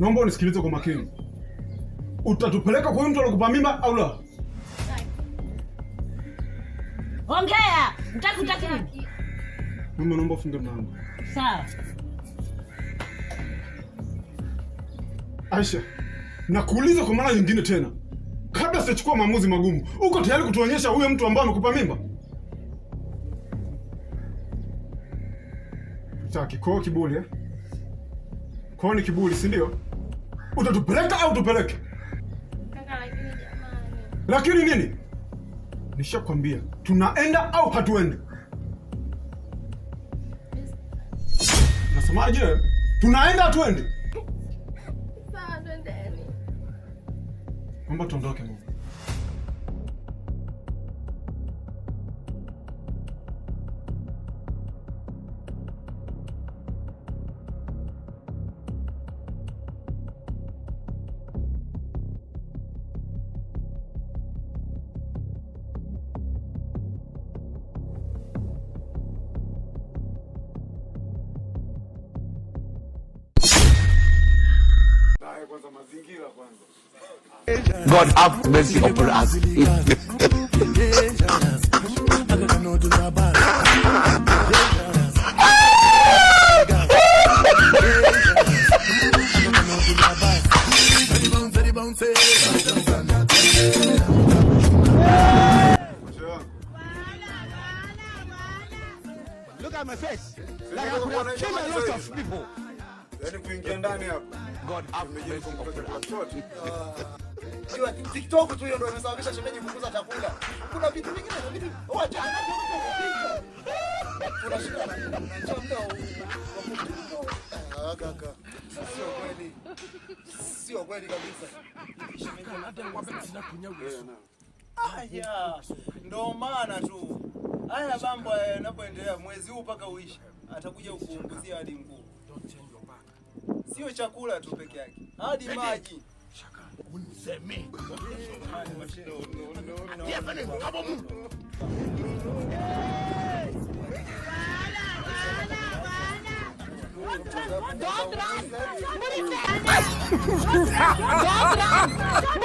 Naomba unisikilize kwa makini. Utatupeleka kwa mtu alokupa mimba au la? Ongea. Mtaki mtaki. Mama, naomba ufunge mlango. Sawa. Aisha, nakuuliza kwa mara nyingine tena, kabla sijachukua maamuzi magumu, uko tayari kutuonyesha huyo mtu ambaye amekupa mimba? Kitaki kwao kiburi eh? Kwao ni kiburi, si ndio? Utatupeleka au tupeleke? Lakini nini? Nishakwambia tunaenda au hatuende? Nasemaje? Tunaenda hatuende? Kwamba tuondoke. God have mercy upon us. Look at my face. Like I a of people. God have mercy us. Sio TikTok tu hiyo ndio imesababisha shemeji kukuza chakula. Kuna vitu vingine na vitu wacha na tunashika tunachoma mdao. Kaka. Sio kweli. Sio kweli kabisa. Shemeji anataka kunywa kunywa. Aya. Ndio maana tu. Haya mambo yanapoendelea mwezi huu mpaka uisha atakuja kukuongozia hadi mguu. Sio chakula tu peke yake. Hadi maji. uniseme Don't run! Don't run! Don't run!